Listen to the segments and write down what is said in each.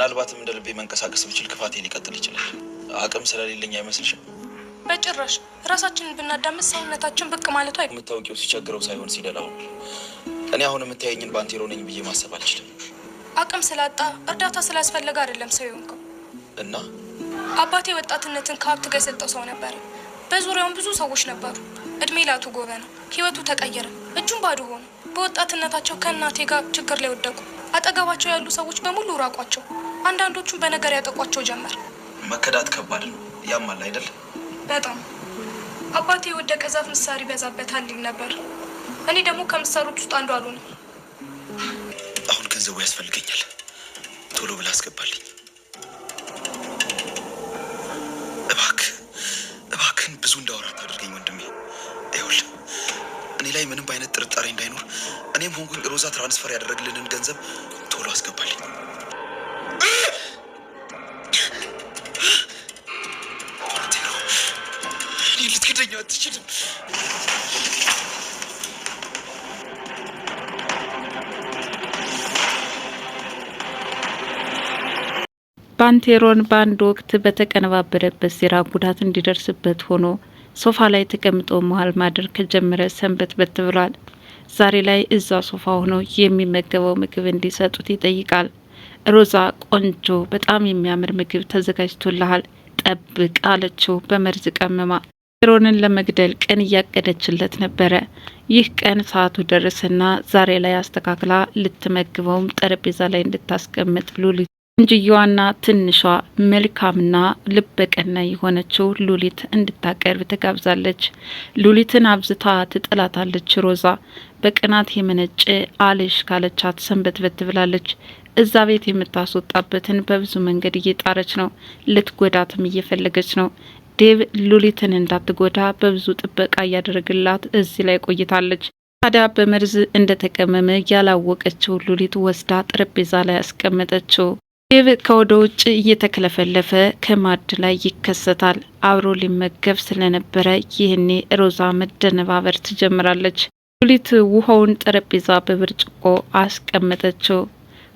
ምናልባትም እንደ ልቤ መንቀሳቀስ ብችል ክፋቴ ሊቀጥል ይችላል። አቅም ስለሌለኝ አይመስልሽም? በጭራሽ ራሳችንን ብናዳምስ ሰውነታችን ብቅ ማለቱ አይ የምታውቂው ሲቸግረው ሳይሆን ሲደላው። እኔ አሁን የምታየኝን ባንቴሮ ነኝ ብዬ ማሰብ አልችልም። አቅም ስላጣ እርዳታ ስላስፈለገ አይደለም ሰው የሆንከው። እና አባቴ ወጣትነትን ከሀብት ጋር የሰጠው ሰው ነበር። በዙሪያውን ብዙ ሰዎች ነበሩ። እድሜ ላቱ ነው። ህይወቱ ተቀየረ፣ እጁም ባዶ ሆኑ በወጣትነታቸው ከእናቴ ጋር ችግር ላይ ወደቁ። አጠገባቸው ያሉ ሰዎች በሙሉ ራቋቸው። አንዳንዶቹም በነገር ያጠቋቸው ጀመር። መከዳት ከባድ ነው። ያማል አይደል? በጣም አባቴ የወደቀ ዛፍ ምሳር ይበዛበታል ይል ነበር። እኔ ደግሞ ከምሳሮች ውስጥ አንዱ አሉ ነው። አሁን ገንዘቡ ያስፈልገኛል። ቶሎ ብላ አስገባልኝ። እኔም ሆንኩኝ ሮዛ ትራንስፈር ያደረግልንን ገንዘብ ቶሎ አስገባልኝ። አትችልም። ባንቴሮን በአንድ ወቅት በተቀነባበረበት ሴራ ጉዳት እንዲደርስበት ሆኖ ሶፋ ላይ ተቀምጦ መዋል ማደር ከጀመረ ሰንበት በት ብሏል። ዛሬ ላይ እዛ ሶፋ ሆኖ የሚመገበው ምግብ እንዲሰጡት ይጠይቃል። ሮዛ ቆንጆ በጣም የሚያምር ምግብ ተዘጋጅቶልሃል፣ ጠብቅ አለችው በመርዝ ቀመማ። ሮንን ለመግደል ቀን እያቀደችለት ነበረ። ይህ ቀን ሰዓቱ ደረሰና ዛሬ ላይ አስተካክላ ልትመግበውም ጠረጴዛ ላይ እንድታስቀምጥ ሉሊት ቆንጅየዋና ትንሿ መልካምና ልበቀና የሆነችው ሉሊት እንድታቀርብ ተጋብዛለች። ሉሊትን አብዝታ ትጥላታለች። ሮዛ በቅናት የመነጨ አልሽ ካለቻት ሰንበት በት ትብላለች። እዛ ቤት የምታስወጣበትን በብዙ መንገድ እየጣረች ነው። ልትጎዳትም እየፈለገች ነው። ዴቭ ሉሊትን እንዳትጎዳ በብዙ ጥበቃ እያደረግላት እዚህ ላይ ቆይታለች። ታዲያ በመርዝ እንደተቀመመ ያላወቀችው ሉሊት ወስዳ ጠረጴዛ ላይ አስቀመጠችው። ዴቭ ከወደ ውጭ እየተክለፈለፈ ከማድ ላይ ይከሰታል። አብሮ ሊመገብ ስለነበረ ይህኔ ሮዛ መደነባበር ትጀምራለች። ሉሊት ውሃውን ጠረጴዛ በብርጭቆ አስቀመጠችው።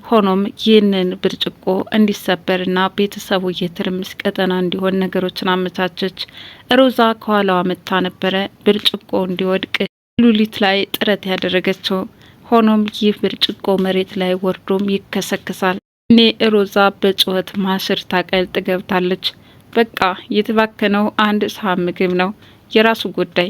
ሆኖም ይህንን ብርጭቆ እንዲሰበርና ቤተሰቡ የትርምስ ቀጠና እንዲሆን ነገሮችን አመቻቸች። ሮዛ ከኋላዋ መታ ነበረ ብርጭቆ እንዲወድቅ ሉሊት ላይ ጥረት ያደረገችው። ሆኖም ይህ ብርጭቆ መሬት ላይ ወርዶም ይከሰከሳል። እኔ ሮዛ በጩኸት ማስር ታቀልጥ ገብታለች። በቃ የተባከነው አንድ ሰሀን ምግብ ነው፣ የራሱ ጉዳይ።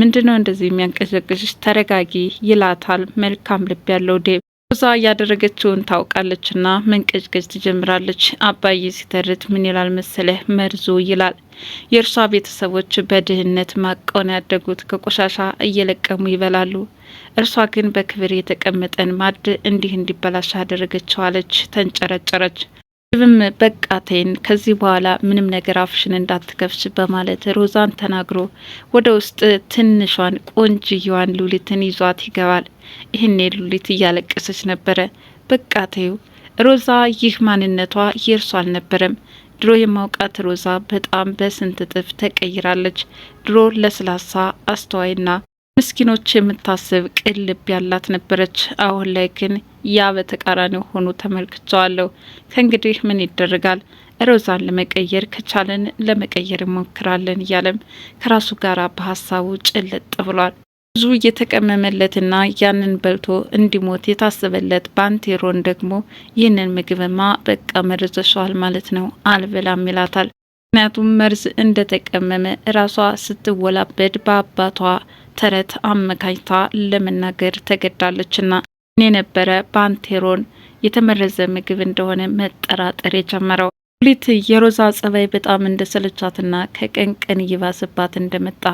ምንድነው እንደዚህ የሚያንቀዘቅዝሽ? ተረጋጊ ይላታል መልካም ልብ ያለው ዴብ። እዛ እያደረገችውን ታውቃለች እና መንቀጭቀጭ ትጀምራለች። አባዬ ሲተርት ምን ይላል መሰለ መርዞ ይላል። የእርሷ ቤተሰቦች በድህነት ማቀውን ያደጉት ከቆሻሻ እየለቀሙ ይበላሉ። እርሷ ግን በክብር የተቀመጠን ማድ እንዲህ እንዲበላሽ አደረገችዋለች። ተንጨረጨረች። ሽብም በቃቴን ከዚህ በኋላ ምንም ነገር አፍሽን እንዳትከፍች በማለት ሮዛን ተናግሮ ወደ ውስጥ ትንሿን ቆንጅየዋን ሉሊትን ይዟት ይገባል። ይህኔ ሉሊት እያለቀሰች ነበረ። በቃቴው ሮዛ ይህ ማንነቷ የእርሷ አልነበረም። ድሮ የማውቃት ሮዛ በጣም በስንት እጥፍ ተቀይራለች። ድሮ ለስላሳ አስተዋይና ምስኪኖች የምታስብ ቅን ልብ ያላት ነበረች። አሁን ላይ ግን ያ በተቃራኒው ሆኖ ተመልክቸዋለሁ። ከእንግዲህ ምን ይደረጋል? ሮዛን ለመቀየር ከቻለን ለመቀየር እንሞክራለን እያለም ከራሱ ጋር በሀሳቡ ጭልጥ ብሏል። ብዙ እየተቀመመለትና ያንን በልቶ እንዲሞት የታሰበለት ባንቴሮን ደግሞ ይህንን ምግብማ በቃ መርዘሻል ማለት ነው አልበላም ይላታል። ምክንያቱም መርዝ እንደተቀመመ ራሷ ስትወላበድ በአባቷ ተረት አመካኝታ ለመናገር ተገዳለችና የነበረ ባንቴሮን የተመረዘ ምግብ እንደሆነ መጠራጠር የጀመረው ሉሊት የሮዛ ጸባይ በጣም እንደሰለቻትና ከቀን ቀን እየባሰባት እንደመጣ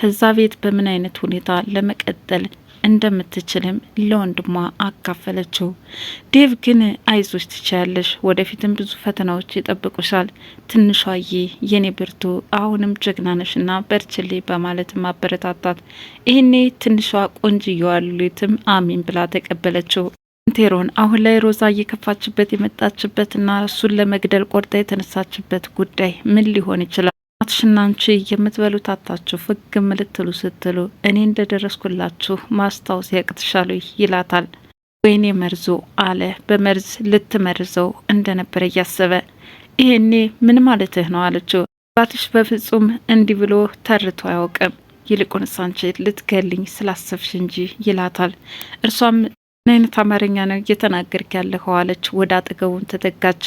ከዛ ቤት በምን አይነት ሁኔታ ለመቀጠል እንደምትችልም ለወንድሟ አካፈለችው። ዴቭ ግን አይዞች ትችያለሽ፣ ወደፊትም ብዙ ፈተናዎች ይጠብቁሻል፣ ትንሿዬ የኔ ብርቱ፣ አሁንም ጀግናነሽና በርችሌ በማለት ማበረታታት። ይህኔ ትንሿ ቆንጅየዋ ሉሊትም አሚን ብላ ተቀበለችው። ቴሮን አሁን ላይ ሮዛ እየከፋችበት የመጣችበትና እሱን ለመግደል ቆርጣ የተነሳችበት ጉዳይ ምን ሊሆን ይችላል? እናትሽና አንቺ የምትበሉት አታችሁ ፍግም ልትሉ ስትሉ እኔ እንደደረስኩላችሁ ማስታወስ ያቅትሻሉ ይላታል። ወይኔ መርዞ አለ በመርዝ ልትመርዘው እንደነበረ እያሰበ ይሄኔ ምን ማለትህ ነው አለችው። ባትሽ በፍጹም እንዲህ ብሎ ተርቶ አያውቅም፣ ይልቁንስ አንቺ ልትገልኝ ስላሰብሽ እንጂ ይላታል። እርሷም ምን አይነት አማርኛ ነው እየተናገርክ ያለኸው አለች። ወደ አጠገቡን ተጠጋች።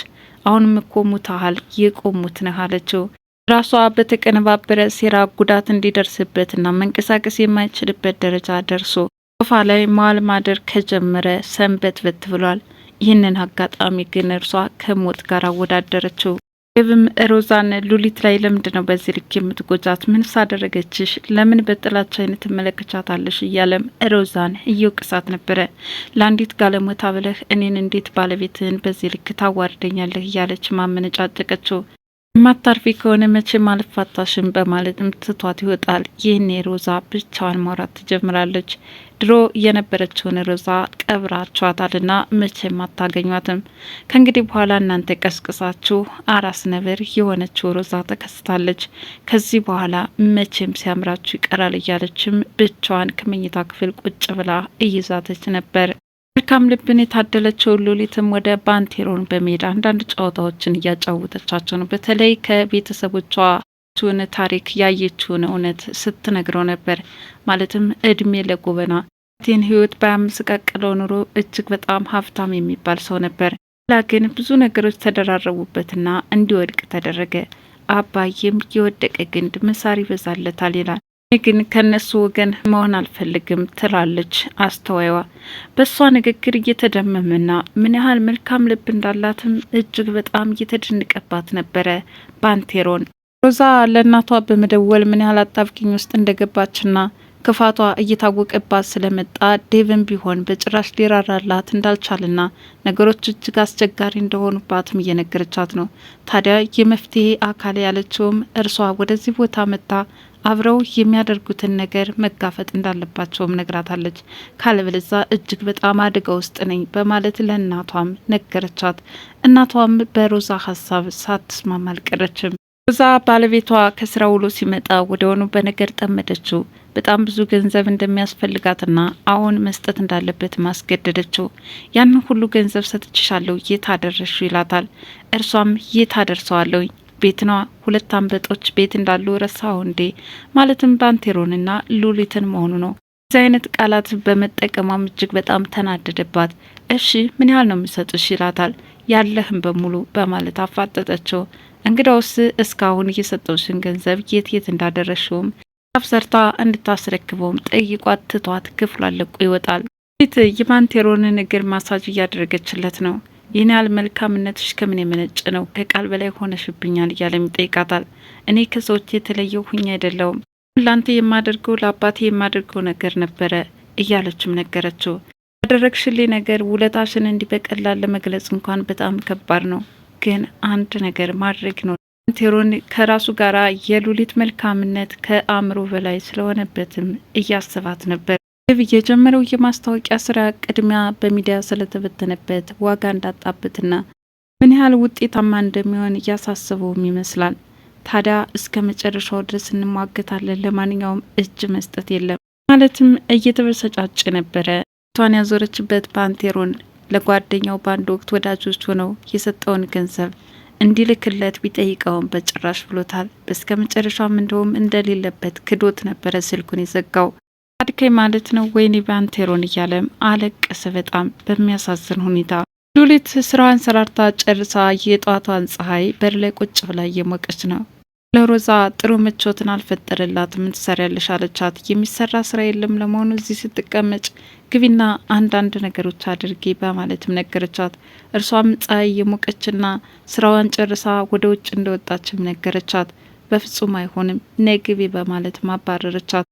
አሁንም እኮ ሙታሃል የቆሙት ነህ አለችው። ራሷ በተቀነባበረ ሴራ ጉዳት እንዲደርስበትና መንቀሳቀስ የማይችልበት ደረጃ ደርሶ ሶፋ ላይ መዋል ማደር ከጀመረ ሰንበት በት ብሏል። ይህንን አጋጣሚ ግን እርሷ ከሞት ጋር አወዳደረችው። ግብም ሮዛን ሉሊት ላይ ለምንድን ነው በዚህ ልክ የምትጎጃት? ምን ሳደረገችሽ? ለምን በጥላቻ አይነት ትመለከቻታለሽ? እያለም ሮዛን እየወቀሳት ነበረ። ለአንዲት ጋለሞታ ብለህ እኔን እንዴት ባለቤትህን በዚህ ልክ ታዋርደኛለህ? እያለች ማመነጫ አጨቀችው? ማታርፊ ከሆነ መቼም አልፋታሽም በማለትም ትቷት ይወጣል። ይህኔ ሮዛ ብቻዋን ማውራት ትጀምራለች። ድሮ የነበረችውን ሮዛ ቀብራችኋታልና መቼም አታገኟትም። ከእንግዲህ በኋላ እናንተ ቀስቅሳችሁ አራስ ነበር የሆነችው ሮዛ ተከስታለች። ከዚህ በኋላ መቼም ሲያምራችሁ ይቀራል እያለችም ብቻዋን ከመኝታ ክፍል ቁጭ ብላ እይዛተች ነበር። መልካም ልብን የታደለችው ሉሊትም ወደ ባንቴሮን በመሄድ አንዳንድ ጨዋታዎችን እያጫወተቻቸው ነው። በተለይ ከቤተሰቦቿ ን ታሪክ ያየችውን እውነት ስትነግረው ነበር። ማለትም እድሜ ለጎበና ቴን ህይወት ባያመሰቃቅለው ኑሮ እጅግ በጣም ሀብታም የሚባል ሰው ነበር። ላ ግን ብዙ ነገሮች ተደራረቡበትና እንዲወድቅ ተደረገ። አባዬም የወደቀ ግንድ መሳር ይበዛለታል ይላል። ግን ከነሱ ወገን መሆን አልፈልግም ትላለች አስተዋይዋ። በእሷ ንግግር እየተደመመና ምን ያህል መልካም ልብ እንዳላትም እጅግ በጣም እየተደነቀባት ነበረ ባንቴሮን። ሮዛ ለእናቷ በመደወል ምን ያህል አጣብቂኝ ውስጥ እንደገባችና ክፋቷ እየታወቀባት ስለመጣ ዴቭን ቢሆን በጭራሽ ሊራራላት እንዳልቻለና ነገሮች እጅግ አስቸጋሪ እንደሆኑባትም እየነገረቻት ነው። ታዲያ የመፍትሄ አካል ያለችውም እርሷ ወደዚህ ቦታ መጥታ አብረው የሚያደርጉትን ነገር መጋፈጥ እንዳለባቸውም ነግራታለች። ካለበለዛ እጅግ በጣም አደጋ ውስጥ ነኝ በማለት ለእናቷም ነገረቻት። እናቷም በሮዛ ሀሳብ ሳትስማማ አልቀረችም። ሮዛ ባለቤቷ ከስራ ውሎ ሲመጣ ወዲያውኑ በነገር ጠመደችው። በጣም ብዙ ገንዘብ እንደሚያስፈልጋትና አሁን መስጠት እንዳለበት ማስገደደችው። ያንን ሁሉ ገንዘብ ሰጥችሻለሁ፣ የት ይላታል። እርሷም የት አደርሰዋለሁኝ ቤት ነዋ። ሁለት አንበጦች ቤት እንዳሉ ረሳው እንዴ? ማለትም ባንቴሮንና ሉሊትን መሆኑ ነው። እዚህ አይነት ቃላት በመጠቀሟም እጅግ በጣም ተናደደባት። እሺ ምን ያህል ነው የሚሰጡሽ? ይላታል። ያለህም በሙሉ በማለት አፋጠጠችው። እንግዳውስ እስካሁን እየሰጠውሽን ገንዘብ የት የት እንዳደረሽውም ጻፍ ሰርታ እንድታስረክበውም ጠይቋት ትቷት ክፍሏ ለቆ ይወጣል። ፊት የባንቴሮንን እግር ማሳጅ እያደረገችለት ነው። ይህን ያህል መልካምነትሽ ከምን የመነጭ ነው? ከቃል በላይ ሆነሽብኛል እያለም ይጠይቃታል። እኔ ከሰዎች የተለየው ሁኝ አይደለውም። ላንተ የማደርገው ለአባቴ የማደርገው ነገር ነበረ እያለችም ነገረችው። ያደረግሽልኝ ነገር ውለታሽን እንዲህ በቀላል ለመግለጽ እንኳን በጣም ከባድ ነው፣ ግን አንድ ነገር ማድረግ ነው። ቴሮን ከራሱ ጋር የሉሊት መልካምነት ከአእምሮ በላይ ስለሆነበትም እያሰባት ነበር። የጀመረው የማስታወቂያ ስራ ቅድሚያ በሚዲያ ስለተበተነበት ዋጋ እንዳጣበትና ምን ያህል ውጤታማ እንደሚሆን እያሳሰበውም ይመስላል። ታዲያ እስከ መጨረሻው ድረስ እንሟገታለን፣ ለማንኛውም እጅ መስጠት የለም ማለትም እየተበሰጫጭ ነበረ። ቷን ያዞረችበት ፓንቴሮን ለጓደኛው በአንድ ወቅት ወዳጆች ሆነው የሰጠውን ገንዘብ እንዲልክለት ቢጠይቀውም በጭራሽ ብሎታል። በስከ መጨረሻም እንደውም እንደሌለበት ክዶት ነበረ ስልኩን የዘጋው። አሳደከኝ ማለት ነው ወይኔ ባንቴሮን እያለም አለቀሰ። በጣም በሚያሳዝን ሁኔታ ሉሊት ስራዋን ሰራርታ ጨርሳ የጠዋቷን ፀሐይ በር ላይ ቁጭ ብላ እየሞቀች ነው። ለሮዛ ጥሩ ምቾትን አልፈጠረላት። ምን ትሰሪያለሽ አለቻት። የሚሰራ ስራ የለም ለመሆኑ እዚህ ስትቀመጭ ግቢና አንዳንድ ነገሮች አድርጌ በማለትም ነገረቻት። እርሷም ፀሐይ እየሞቀችና ስራዋን ጨርሳ ወደ ውጭ እንደወጣችም ነገረቻት። በፍጹም አይሆንም ነግቢ በማለት ማባረረቻት።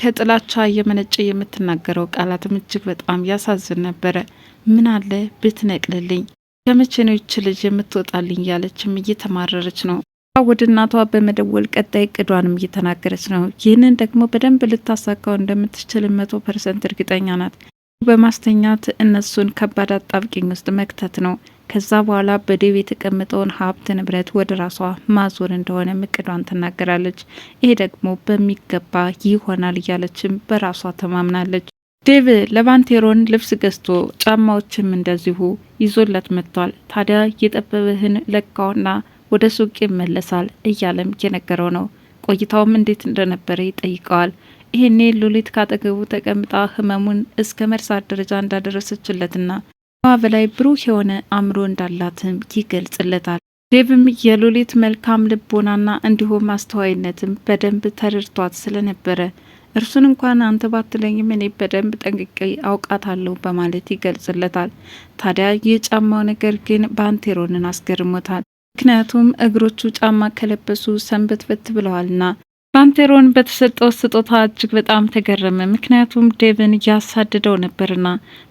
ከጥላቻ የመነጨ የምትናገረው ቃላትም እጅግ በጣም ያሳዝን ነበረ። ምን አለ ብትነቅልልኝ፣ ከመቼ ነው ይች ልጅ የምትወጣልኝ? ያለችም እየተማረረች ነው። ወደ እናቷ በመደወል ቀጣይ እቅዷንም እየተናገረች ነው። ይህንን ደግሞ በደንብ ልታሳካው እንደምትችል መቶ ፐርሰንት እርግጠኛ ናት። በማስተኛት እነሱን ከባድ አጣብቂኝ ውስጥ መክተት ነው። ከዛ በኋላ በዴቭ የተቀመጠውን ሀብት ንብረት ወደ ራሷ ማዞር እንደሆነ እቅዷን ትናገራለች። ይሄ ደግሞ በሚገባ ይሆናል እያለችም በራሷ ተማምናለች። ዴቭ ለባንቴሮን ልብስ ገዝቶ ጫማዎችም እንደዚሁ ይዞለት መጥቷል። ታዲያ የጠበበህን ለካውና ወደ ሱቅ ይመለሳል እያለም እየነገረው ነው። ቆይታውም እንዴት እንደነበረ ይጠይቀዋል። ይህኔ ሉሊት ካጠገቡ ተቀምጣ ህመሙን እስከ መርሳት ደረጃ እንዳደረሰችለትና በላይ ብሩህ የሆነ አእምሮ እንዳላትም ይገልጽለታል። ዴቭም የሉሊት መልካም ልቦናና እንዲሁም አስተዋይነትም በደንብ ተረድቷት ስለነበረ እርሱን እንኳን አንተ ባትለኝም እኔ በደንብ ጠንቅቄ አውቃታለሁ በማለት ይገልጽለታል። ታዲያ የጫማው ነገር ግን ባንቴሮንን አስገርሞታል። ምክንያቱም እግሮቹ ጫማ ከለበሱ ሰንበት በት ብለዋልና ባንቴሮን በተሰጠው ስጦታ እጅግ በጣም ተገረመ። ምክንያቱም ዴቭን እያሳደደው ነበርና፣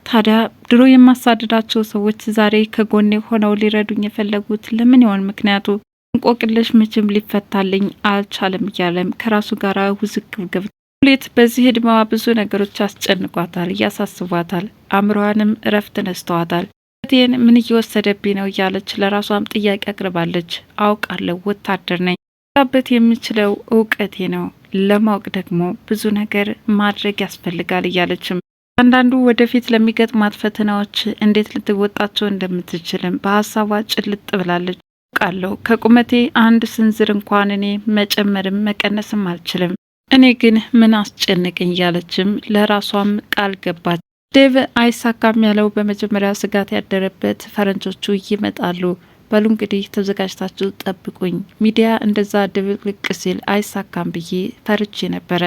ታዲያ ድሮ የማሳደዳቸው ሰዎች ዛሬ ከጎኔ ሆነው ሊረዱኝ የፈለጉት ለምን ይሆን ምክንያቱ? እንቆቅልሽ መቼም ሊፈታልኝ አልቻለም እያለም ከራሱ ጋር ውዝግብ ገብቶ ሁሌት በዚህ እድሜዋ ብዙ ነገሮች አስጨንቋታል፣ እያሳስቧታል፣ አእምሮዋንም እረፍት ነስተዋታል። ቴን ምን እየወሰደብኝ ነው እያለች ለራሷም ጥያቄ አቅርባለች። አውቃለሁ ወታደር ነኝ ጣበት የምችለው እውቀቴ ነው። ለማወቅ ደግሞ ብዙ ነገር ማድረግ ያስፈልጋል እያለችም አንዳንዱ ወደፊት ለሚገጥማት ፈተናዎች እንዴት ልትወጣቸው እንደምትችልም በሀሳቧ ጭልጥ ብላለች። አውቃለሁ ከቁመቴ አንድ ስንዝር እንኳን እኔ መጨመርም መቀነስም አልችልም። እኔ ግን ምን አስጨንቅኝ እያለችም ለራሷም ቃል ገባች። ዴቭ አይሳካም ያለው በመጀመሪያ ስጋት ያደረበት ፈረንጆቹ ይመጣሉ በሉ እንግዲህ ተዘጋጅታችሁ ጠብቁኝ። ሚዲያ እንደዛ ድብልቅ ሲል አይሳካም ብዬ ፈርቼ ነበረ፣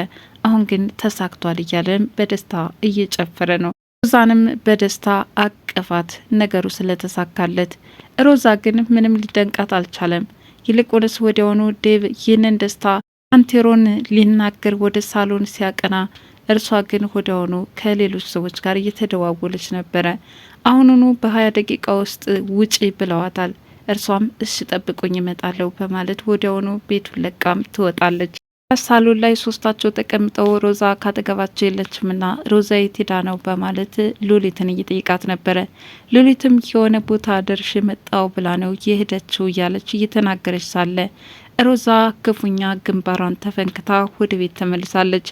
አሁን ግን ተሳክቷል እያለም በደስታ እየጨፈረ ነው። ሮዛንም በደስታ አቀፋት፣ ነገሩ ስለተሳካለት። ሮዛ ግን ምንም ሊደንቃት አልቻለም። ይልቁንስ ወዲያውኑ ዴቭ ይህንን ደስታ አንቴሮን ሊናገር ወደ ሳሎን ሲያቀና እርሷ ግን ወዲያውኑ ከሌሎች ሰዎች ጋር እየተደዋወለች ነበረ። አሁኑኑ በሀያ ደቂቃ ውስጥ ውጪ ብለዋታል። እርሷም እሺ ጠብቁኝ እመጣለሁ በማለት ወዲያውኑ ቤቱን ለቃም ትወጣለች። ሳሎን ላይ ሶስታቸው ተቀምጠው ሮዛ ካጠገባቸው የለችምና ሮዛ የቴዳ ነው በማለት ሉሊትን እየጠይቃት ነበረ። ሉሊትም የሆነ ቦታ ደርሽ መጣው ብላ ነው የሄደችው እያለች እየተናገረች ሳለ ሮዛ ክፉኛ ግንባሯን ተፈንክታ ወደ ቤት ተመልሳለች።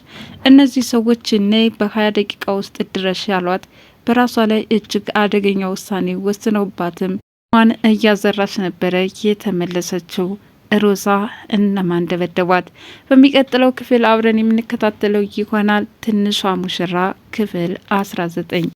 እነዚህ ሰዎች እኔ በሀያ ደቂቃ ውስጥ ድረሽ ያሏት በራሷ ላይ እጅግ አደገኛ ውሳኔ ወስነውባትም ሆን እያዘራች ነበረ የተመለሰችው። ሮዛ እነማን ደበደቧት? በሚቀጥለው ክፍል አብረን የምንከታተለው ይሆናል። ትንሿ ሙሽራ ክፍል አስራ ዘጠኝ